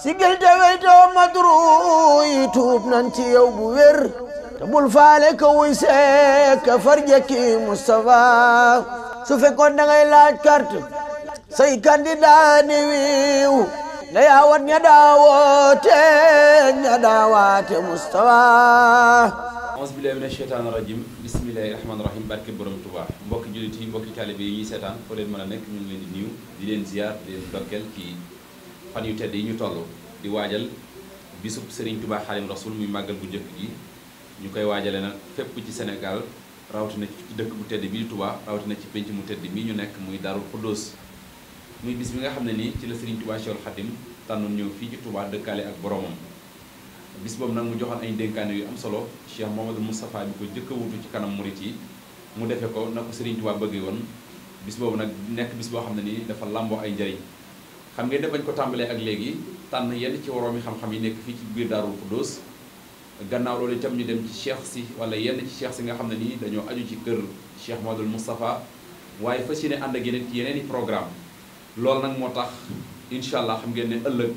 sigil te weytoo madru yi tuub nan ci bu wér te bul faale ka wuy seek ka farjaki Moustapha su fekkoon da ngay laaj carte say candidat wiiw na yaawat ña daawoote ña daawaate Moustapha auzu billahi rahim barke borom Tuubaa mbokki fan yu tedd yi ñu toll di waajal bisub Serigne Touba Xaadim Rasul muy màggal bu njëkk gi ñu koy waajale na fépp ci senegal rawatina ci dëkk bu tedd bii di Touba rawatina ci penc mu tedd mi ñu nekk muy Darou Khoudoss muy bis bi nga xam ne nii ci la Serigne Touba Cheikhul Khadim tànnoon ñëw fii ci Touba dëkkaale ak boromam bis boobu nag mu joxoon ay dénkaane yu am solo Cheikh Mouhamadou Moustapha bi ko jëkk a wutu ci kanam murit yi mu defe ko na ko Serigne Touba bëggee bis boobu nag nekk bis boo xam ne nii dafa làmboo ay njëriñ xam ngeen ne bañ ko tàmbalee ak léegi tànn yenn ci woroomi xam-xam yi nekk fii ci biir Daaru Xuddoos gannaaw loolu itam ñu dem ci cheikh si wala yenn ci cheikh si nga xam ne nii dañoo aju ci kër Cheikh Modou Moustapha waaye fas ne ànd ak yeneen ci yeneen i programme loolu nag moo tax incha allah xam ngeen ne ëllëg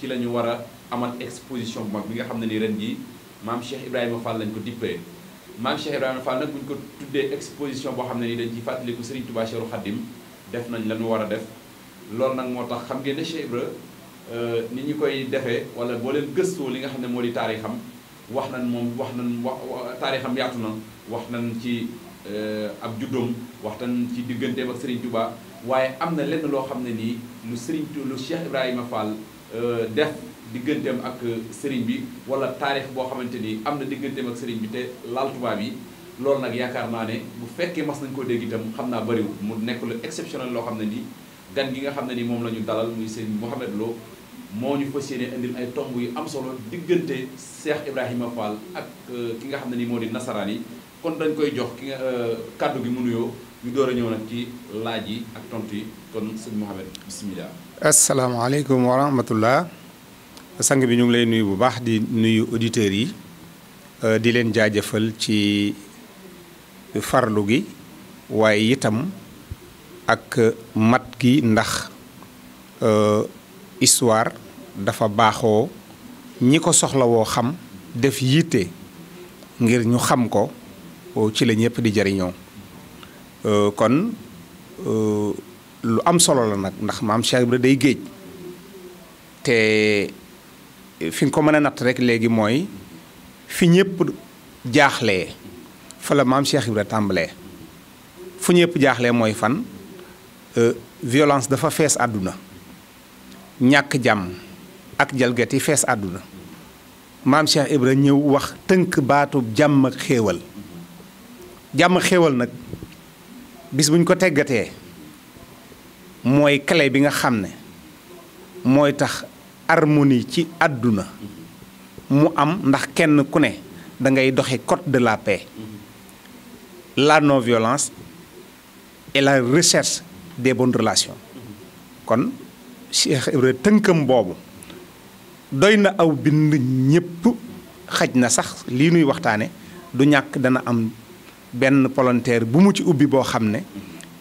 ci la ñu war a amal exposition bu mag bi nga xam ne ni ren jii maam Cheikh Ibrahima Fall lañ ko dippee maam Cheikh Ibrahima Fall nag buñ ko tuddee exposition boo xam ne ni dañ ci fàttaliku Serigne Touba Cheikhoul Khadim def nañ la ñu war def loolu nag moo tax xam ngeen ne Cheikh Ibra euh, ni ñu koy defee wala boo gëstoo li nga xam ne moo di taarixam wax nañ moom wax nañ wa taarixam yaatu na wax nañ ci euh, ab juddoom wax nañ ci digganteem ak Serigne Touba waaye am na lenn loo xam ne nii lu Serigne Tou lu Cheikh Ibrahima Fall euh, def digganteem ak Serigne bi wala taarix boo xamante ni am na digganteem ak Serigne bi te laal Touba bi. loolu nag yaakaar naa ne bu fekkee mas nañ koo dégg itam xam naa bëriwul mu nekk lu exceptionnel loo xam ne nii. gan gi nga xam ne ni moom la ñu dalal muy sëñ Mouhamed loo moo ñu fas yéene indil ay tomb yu am solo diggante Cheikh Ibrahima Fall ak euh, ki nga xam ne ni moo di nasaraan yi kon dañ koy jox ki nga euh, kàddu gi mu nuyoo ñu door ñëw nag ci laaj yi ak tontu yi kon sëñ Mouhamed bisimilah. asalaamaaleykum wa rahmatullah sang bi ñu ngi lay nuyu bu baax di nuyu auditeurs yi euh, di leen jaajëfal ci farlu gi waaye itam. ak mat gi ndax euh, histoire dafa baaxoo ñi ko soxlawoo xam def yitte ngir ñu xam ko euh, ci la ñëpp di jariñoo euh, kon lu am solo la nag ndax maam Cheikh day géej te fi nga ko mën a natt rek léegi mooy fi ñëpp jaaxlee fa la maam Cheikh tàmbalee fu ñëpp jaaxlee mooy fan Euh, violence dafa face aduna, nyak jam, ak jalgati face aduna. mam Cheikh Ibra ñëw wax tënk baatu jam ak xéewal jàmm xéewal nag bis buñ ko teggatee mooy clé bi nga xam ne tax harmonie ci mu am ndax kenn ku ne da ngay doxe code de la paix la non violence et la recherche des bonnes relations kon Cheikh Ibrahima tënkam boobu doy na aw bind ñëpp xaj na sax lii nuy waxtaane du ñàkk dana am benn volontaire bu mu ci ubbi boo xam ne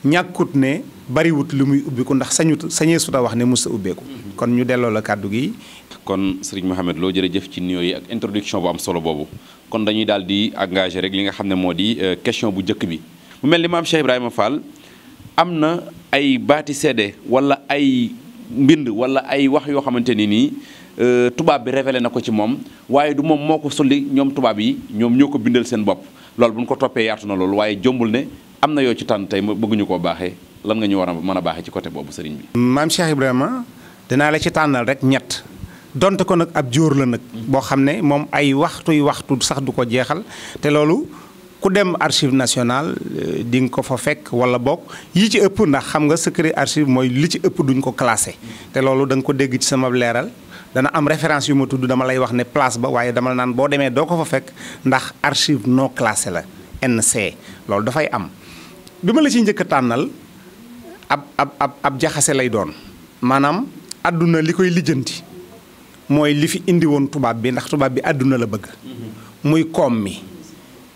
ñàkkut ne bariwut lu muy ubbiku ndax sañut sañee suta wax ne mu a ubbeeku kon ñu delloo la kàddu gi kon Serigne Mohamed Lo jëf ci nuyoo yi ak introduction bu am solo boobu kon dañuy daal di engagé rek li nga xam ne moo di euh, question bu njëkk bi mu mel ni maam Cheikh Ibrahima Fall am na ay baati seede wala ay mbind wala ay wax yoo xamante ni nii euh, tubaab bi révélé na ko ci moom waaye du moom moo ko sulli ñoom tubaab yi ñoom ñoo ko bindal seen bopp loolu bu ñu ko toppee yaatu na loolu waaye jombul ne am na yoo ci tànn tey bëgguñu koo baaxee lan nga ñu war a mën a baaxee ci côté boobu sëriñ bi. maam Cheikh Ibrahima danaa la ci tànnal rek ñett donte ko nag ab jóor la nag. Mm-hmm. boo xam ne moom ay waxtuy waxtu sax du ko jeexal te loolu. ku dem archive nationale euh, di nga ko fa fekk wala bokk yi ci ëpp ndax xam nga secret archive mooy li ci ëpp duñ ko classé te loolu da nga ko dégg ci sama leeral dana am référence yu ma tudd dama lay wax ne place ba waaye dama naan boo demee doo ko fa fekk ndax archive non classé la NC loolu dafay am bi ma la ci njëkk a tànnal ab ab ab jaxase lay doon maanaam àdduna li koy lijjanti mooy li fi indi woon tubaab bi ndax tubaab bi àdduna la bëgg mhm.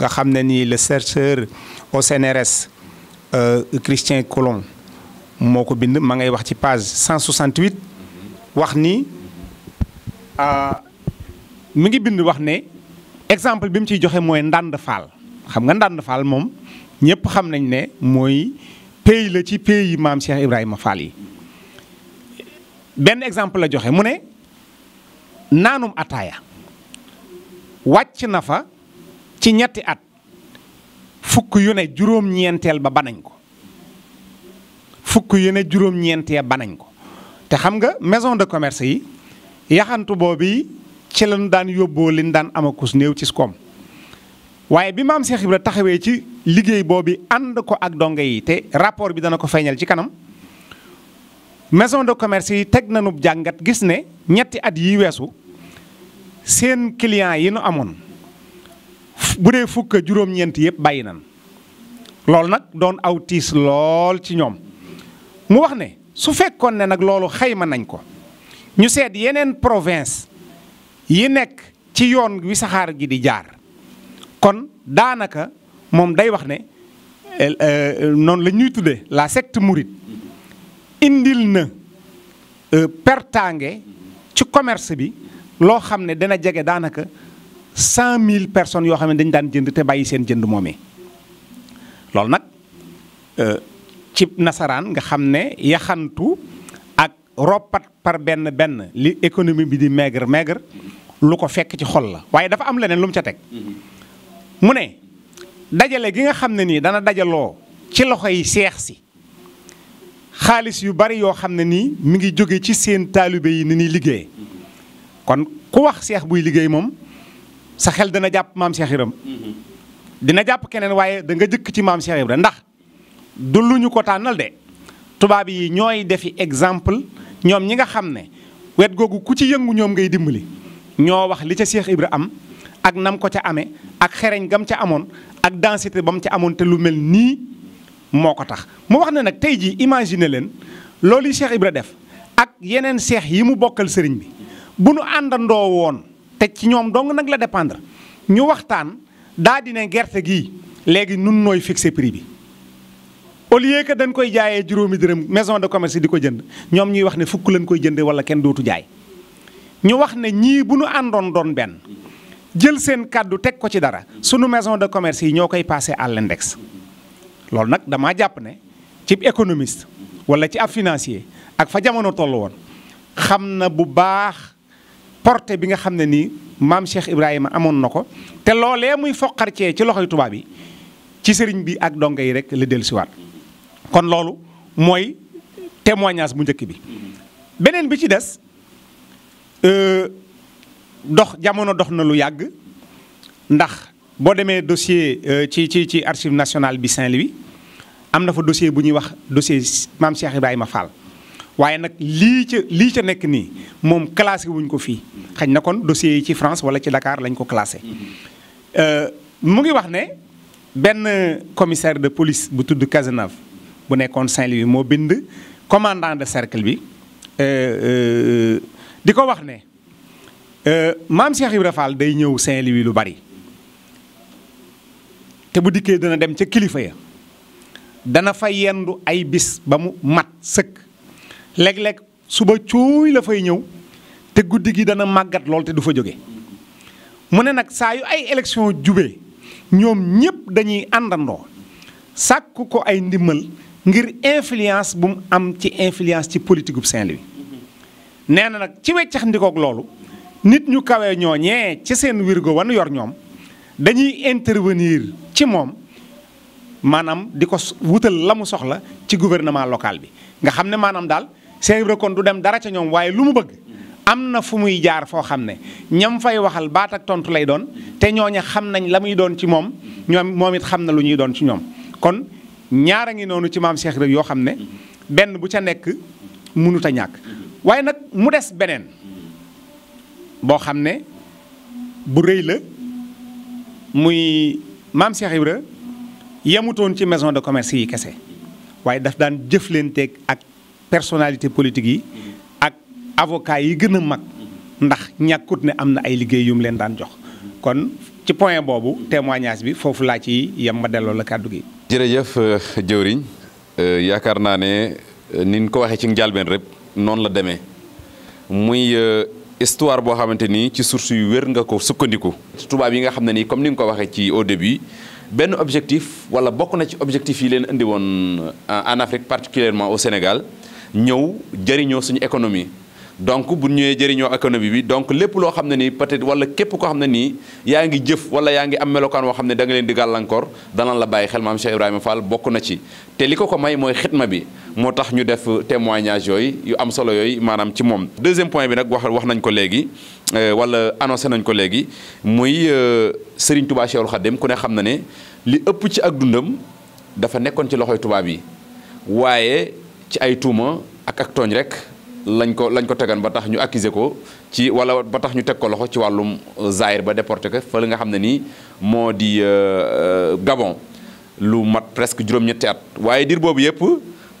nga xamné ni le chercheur au CNRS euh, Christian Colomb moko bind ma ngay wax ci page 168 wax ni euh, mi ngi bind wax né exemple bi mu ciy joxe mooy Ndande Fall xam nga ndand Fall mom ñepp xam nañ ne moy pays la ci pays mam Cheikh Ibrahima Fall yi ben exemple la joxé mu né nanum ataya, wacc na fa. ci ñetti at fukk yu ne juróom-ñeenteel ba banañ ko fukk yu ne juróom-ñeentee banañ ko te xam nga maison de commerce yi yaxantu boobu ci lañu daan yóbboo liñ daan amakus néew ci koom waaye bi maam Cheikh Ibra taxawee ci liggéey boobu ànd ko ak donga yi te rapport bi dana ko feeñal ci kanam maison de commerce yi teg nañu jàngat gis ne ñetti at yi weesu seen client yi nu amoon. bu dee fukk juróom-ñeent yëpp bàyyi nan loolu nag doon aw tiis lool ci ñoom mu wax ne su fekkoon ne nag loolu xayma nañ ko ñu seet yeneen province yi nekk ci yoon wi saxaar gi di jaar kon daanaka moom day wax ne euh, euh, noonu la ñuy tuddee la secte mouride indil na euh, pertaange ci commerce bi loo xam ne dina jege daanaka cent mille personnes yoo xam ne dañ daan jënd te bàyyi seen jënd moomee loolu nag euh, ci nasaraan nga xam ne yaxantu ak roppat par benn benn li économie bi di maigre maigre lu ko fekk ci xol la waaye dafa am leneen lu mu ca teg mu ne dajale gi nga xam ne nii dana dajaloo ci loxo yi seex si xaalis yu bari yoo xam ne nii mu ngi jóge ci seen taalibe yi ni ñuy liggéey kon ku wax seex buy liggéey moom sa xel dana jàpp maam Cheikh dina jàpp keneen waaye da nga jëkk ci maam Cheikh Ibrahima ndax du lu ñu ko tànnal de tubaab yi ñooy defi exemple ñoom ñi nga xam ne wet googu ku ci yëngu ñoom ngay dimbali ñoo wax li ca Cheikh Ibra am ak nam ko ca amee ak xereñ gam ca amoon ak densité ba mu ca amoon te lu mel nii moo ko tax mu wax ne nag tey jii imaginer leen loolu yi Cheikh Ibra def ak yeneen seex yi mu bokkal sëriñ bi bu nu àndandoo woon te ci ñoom dong nag la dépendre ñu waxtaan daa di ne gerte gi léegi nun nooy fixer prix bi au lieu que dañ koy jaayee juróomi dërëm maison de commerce di ko jënd ñoom ñuy wax ne fukk lañ koy jëndee wala kenn dootu jaay ñu wax ne ñii bu nu àndoon doon benn jël seen kàddu teg ko ci dara sunu maison de commerce yi ñoo koy passé à l'index loolu nag damaa jàpp ne cib économiste wala ci ab financier ak fa jamono tollu woon xam na bu baax. porté bi nga xam ne nii maam Cheikh Ibrahima amoon na ko te loolee muy foqar ci loxoy tubaab yi ci sëriñ bi ak donga yi rek la dellusiwaat kon loolu mooy témoignage bu njëkk bi. beneen bi ci des euh, dox jamono dox na lu yàgg ndax boo demee dossier euh, ci ci ci archive nationale bi Saint-Louis am na fa dossier bu ñuy wax dossier maam Cheikh Ibrahima Fall. waaye nag lii ca lii ca nekk nii moom classé wuñ ko fii xañ na kon dossier yi ci France wala ci Dakar lañ ko classé euh, mu ngi wax ne benn commissaire de police bu tudd Cazenave bu nekkoon Saint-Louis moo bind commandant de cercle bi euh, euh, di ko wax ne maam Cheikh Ibra Fall day ñëw Saint-Louis lu bari te bu dikkee dana dem ca kilifa ya dana fa yendu ay bis ba mu mat sëkk leg leg suba cuy la fay ñew te guddi gi dana magat lol te du fa joge mu ne nag saa yu ay election jubee ñom ñépp dañuy andando sakku ko ay ndimmal ngir influence bu am ci influence ci politique bu Saint-Louis nee nak ci wéccax ndiko ak lolou nit ñu kawé ñoñé ci seen wirgo wan yor ñom dañuy intervenir ci mom manam di wutal la soxla ci gouvernement local bi nga xamné manam dal Cheikh Ibra kon du dem dara ca ñoom waaye lu mu bëgg am na fu muy jaar foo xam ne ñam fay waxal baat ak tontu lay doon te ñooña xam nañ la muy doon ci moom ñoom moom it xam na lu ñuy doon ci ñoom kon ñaara ngi noonu ci maam Cheikh Ibra yoo xam ne benn bu ca nekk mënut ñàkk waaye nag mu des beneen boo xam ne bu rëy la muy maam Cheikh Ibra yemutoon ci maison de commerce yi kese waaye daf daan jëflanteeg ak personnalité politique yi ak avocat yi gën a mag ndax ñàkkut ne am na ay liggéey yu leen daan jox kon ci point boobu témoignage bi foofu laa ci yem delloo la kàddu gi. jërëjëf euh, jëwriñ euh, yaakaar naa ne euh, ni ñu ko waxee ci njàlbeen rek noonu la demee muy histoire boo xamante ni ci source yu wér nga ko sukkandiku. tubaab yi nga xam ne nii comme ni nga ko waxee ci au début benn objectif wala bokk na ci objectif yi leen indi woon en Afrique particulièrement au Sénégal. ñëw jëriñoo suñu économie donc bu ñëwee jëriñoo économie bi donc lépp loo xam ne ni peut-être wala képp koo xam ne ni yaa ngi jëf wala yaa ngi am melokaan woo xam ne danga leen di gàllankoor danañ la bàyyi xel maam Cheikh Ibrahima Fall bokk na ci te li ko ko may mooy xitma bi moo tax ñu def témoignage yooy yu am solo yooyu maanaam ci moom deuxième point bi nag wax wax nañ ko léegi euh, wala annoncé nañ ko léegi muy euh, Serigne Touba xa dem ku ne xam na ne li ëpp ci ak dundam dafa nekkoon ci loxoy tubaab yi ci ay tuuma ak ak togn rek lañ ko lañ ko tegan ba tax ñu accuser ko ci wala ba tax ñu tek ko loxo ci walum euh, Zaire ba déporter ko fa nga xamné ni modi di euh, euh, Gabon lu mat presque juroom ñetti at waye dir bobu yépp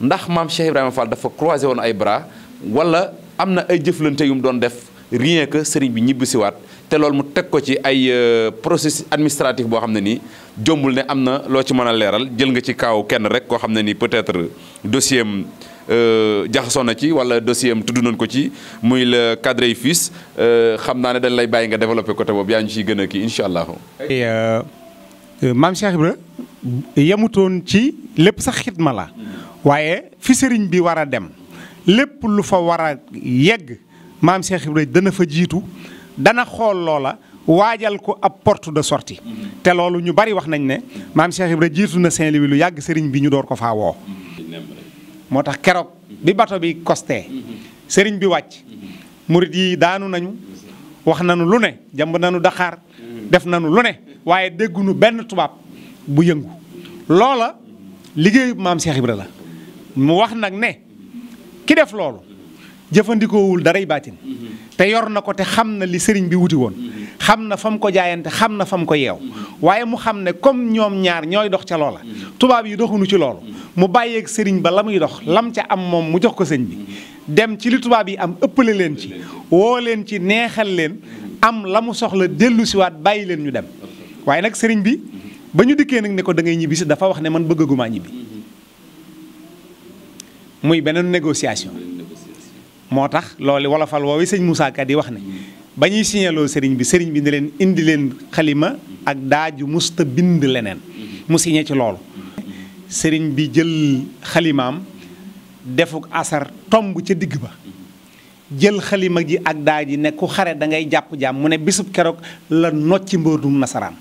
ndax mam Cheikh Ibrahima Fall dafa croiser won ay bras wala amna ay jëfleunte yu doon def rien que serigne bi wat te loolu mu teg ko ci ay euh, processus administratif boo xam ne nii jombul ne am na loo ci mën a leeral jël nga ci kaaw kenn rek koo xam ne nii peut-être dossier am euh, jaxasoo na ci wala dossier tuddu tudd nañ ko ci muy le cadre fils euh, xam naa ne dañ lay bàyyi nga développé côté boobu yaa ñu ciy gën a kii incha allah. maam Cheikh Ibra yemutoon ci lépp sax xitma la waaye fi sëriñ bi war a dem lépp lu fa war a yegg maam Cheikh Ibra dana fa jiitu. dana xool loola waajal ko ab porte de sortie te loolu ñu bari wax nañ ne maam Cheikh Ibra jiitu na saint wi lu yàgg sëriñ bi ñu door ko faa woo. moo tax keroog bi bato bi costé sëriñ bi wàcc murit yi daanu nañu wax nanu lu ne jàmb nañu daqaar def nañu lu ne waaye déggunu benn tubaab bu yëngu loola liggéeyu maam Cheikh Ibra la mu wax nag ne ki def loolu jëfandikoowul daray baatin mm-hmm. te yor na ko te xam na li sëriñ bi wuti woon mm-hmm. xam na fa mu ko jaayante xam na fa mu ko yeew mm-hmm. waaye mu xam ne comme ñoom ñaar ñooy dox ca loola tubaab yi doxunu ci loolu mu bàyyeeg sëriñ ba la muy dox lam ca am moom mu jox ko sëñ bi dem ci li tubaab yi am ëppale leen ci woo leen ci neexal leen am la mu soxla dellu siwaat bàyyi leen ñu dem waaye nag sëriñ bi ba ñu dikkee nag ne ko da ngay ñibbi si dafa wax ne man bëggagumaa ñibbi muy beneen négociation moo tax loolu wolofal woowu sëñ Moussa yi wax ne ba ñuy signaloo sëriñ bi sëriñ bi ne leen indi leen xalima ak daaju musta bind leneen mu signé ci loolu sëriñ bi jël xalimaam defuk asar tomb ca digg ba jël xalima ji ak daa ji ne ku xare da ngay jàpp jaam mu ne bisub keroog la nocci mbóotum nasaraan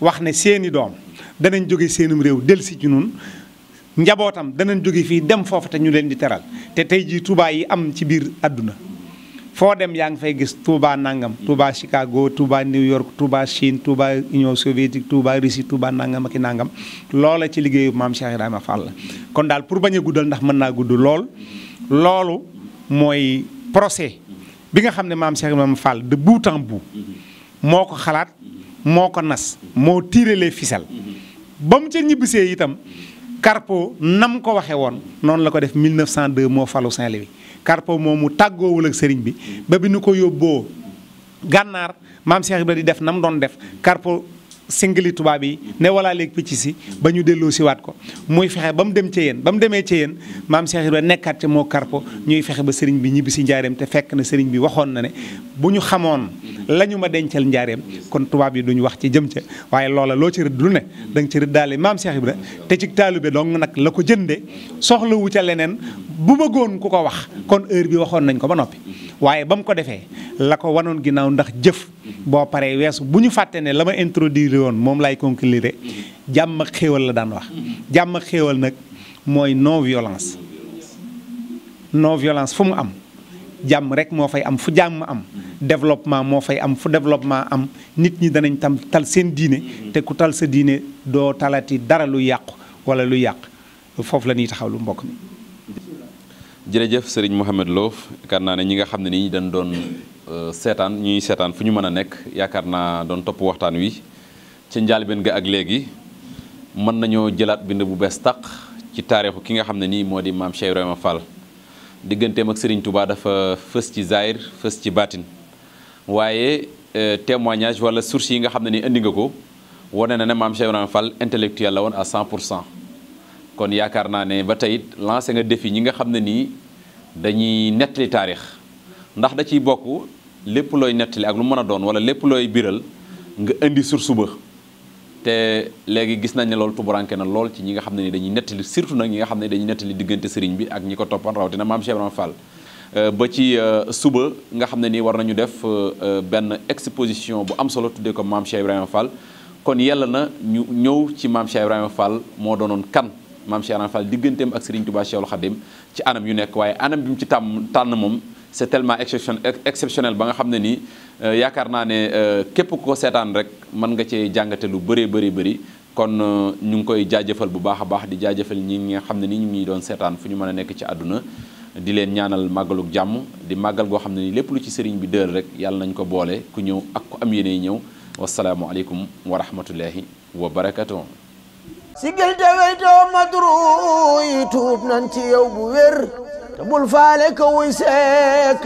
wax ne seeni doom danañ jóge seenum réew si ci noonu njabootam dana jóge fii dem foofu te ñu leen di teral te tey jii Touba yi am ci biir àdduna foo dem yaa ngi fay gis Touba nangam Touba Chicago Touba New York Touba Chine Touba Union soviétique Touba Russie Touba nangam ak i nangam loola ci liggéeyu maam Cheikh Ibrahima Fall la. kon daal pour bañ a guddal ndax mën naa gudd lool loolu mooy procès bi nga xam ne maam Cheikh Ibrahima Fall de bout en bout moo ko xalaat moo ko nas moo tiré les ficelles ba mu ca ñibbisee itam. Carpo nam ko waxee woon noonu la ko def 1902 moo falu Saint-Louis Carpo moom mu tàggoowul ak sëriñ bi ba bi nu ko yóbboo gànnaar maam Cheikh Ibrahima di def nam doon def Carpo singali tubaab yi ne walaa léegi picc si ba ñu delloo siwaat ko muy fexe ba mu dem ca yéen ba mu demee ca yéen maam Cheikh Ibrahima nekkaat ca moo Carpo ñuy fexe ba sëriñ bi ñibbi si njaareem te fekk na sëriñ bi waxoon na ne bu ñu xamoon la ñu ma dencal njaareem kon tubaab yi duñu wax ci jëm ca waaye loola loo ci rëdd lu ne mm. da nga ci rëdd daale maam Cheikh Ibra te ci taalibe dong nag la ko jënde soxlawu ca leneen bu bëggoon ku ko wax kon heure bi waxoon nañ ko ba noppi mm-hmm. waaye ba mu ko defee la ko wanoon ginnaaw ndax jëf mm-hmm. boo paree weesu bu ñu fàtte ne la ma introduire woon moom laay conclure mm-hmm. jàmm ak xéewal la daan wax jàmm ak xéewal nag mooy non violence non violence fu mu am jàmm rek moo fay am fu jàmm am mhm. développement moo fay am fu développement am nit ñi danañ tam tal seen diine mhm. te ku tal sa diine doo talati dara lu yàqu wala lu yàq foofu la ñuy taxaw lu mbokk mi jërëjëf sëriñ Mouhamed Lo yaakaar naa ne ñi nga xam ne nii dañ doon euh, seetaan ñuy seetaan fu ñu mën a nekk yaakaar naa doon topp waxtaan wi ci njaalbeen ga ak léegi mën nañoo jëlaat bind bu bees tàq ci taarixu ki nga xam ne nii moo di maam Cheikh Ibrahima Fall digganteem ak Serigne Touba dafa fës ci zahir fës ci baatin waaye euh, témoignage wala source yi nga xam ne ni indi nga ko wane na ne maam Cheikh fal Fall la woon à cent pour cent kon yaakaar naa ne ba tey it lancé nga defi ñi nga xam ne nii dañuy nettali taarix ndax da ciy bokk lépp looy nettali ak lu mën a doon wala lépp looy biral nga indi source ba. te léegi gis nañ ne loolu tuburanke na lool ci ñi nga xam ne ni dañuy nettali surtout nag ñi nga xam ne dañuy nettali diggante sëriñ bi ak ñi ko toppan rawatina maam Cheikh Ibrahima euh, ba ci euh, suba nga xam ne nii war nañu def euh, benn exposition bu am solo tuddee ko maam Cheikh Ibrahima kon yàlla na ñu ñëw ci maam Cheikh Ibrahima moo doonoon kan maam Cheikh Ibrahima Fall digganteem ak Serigne Touba Cheikhul Khadim ci anam yu nekk waaye anam bi mu ci tàmm tànn moom c'est tellement exception exceptionnel ba nga xam ne nii Euh, yaakaar naa ne euh, képp ko seetaan rek mën nga cee jàngate lu bëree bëri bëri kon euh, ñu ngi koy jaajëfal bu baax a baax di jaajëfal ñi nga xam ne ni ñu ngi doon seetaan fu ñu mën a nekk ci àdduna di leen ñaanal màggalug jàmm di màggal goo xam ne ni lépp lu ci sëriñ bi dër rek yàlla nañ ko boole ku ñëw ak ku am yéene ñëw wasalaamualeykum wa rahmatullahi wa barakatuh sigil te weytoo madru yi tuub nan ci yow bu wér te faale ka wuy seek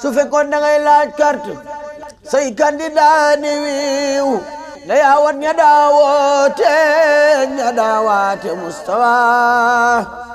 su fekkoon da ngay laaj carte say candidat wiiw na yaa ña daawoote ña daawaate Moustapha